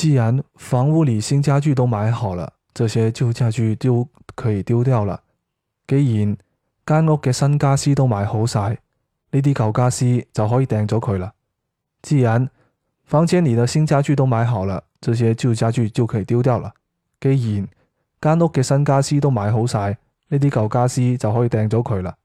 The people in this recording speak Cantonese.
既然房屋裏新家具都，都，都，都買好了，這些舊家具就可以丟掉了。既然間屋嘅新家私都買好晒，呢啲舊家私就可以掟咗佢啦。既然房間裏的新家具都買好了，這些舊家具就可以丟掉啦。既然間屋嘅新家私都買好晒，呢啲舊家私就可以掟咗佢啦。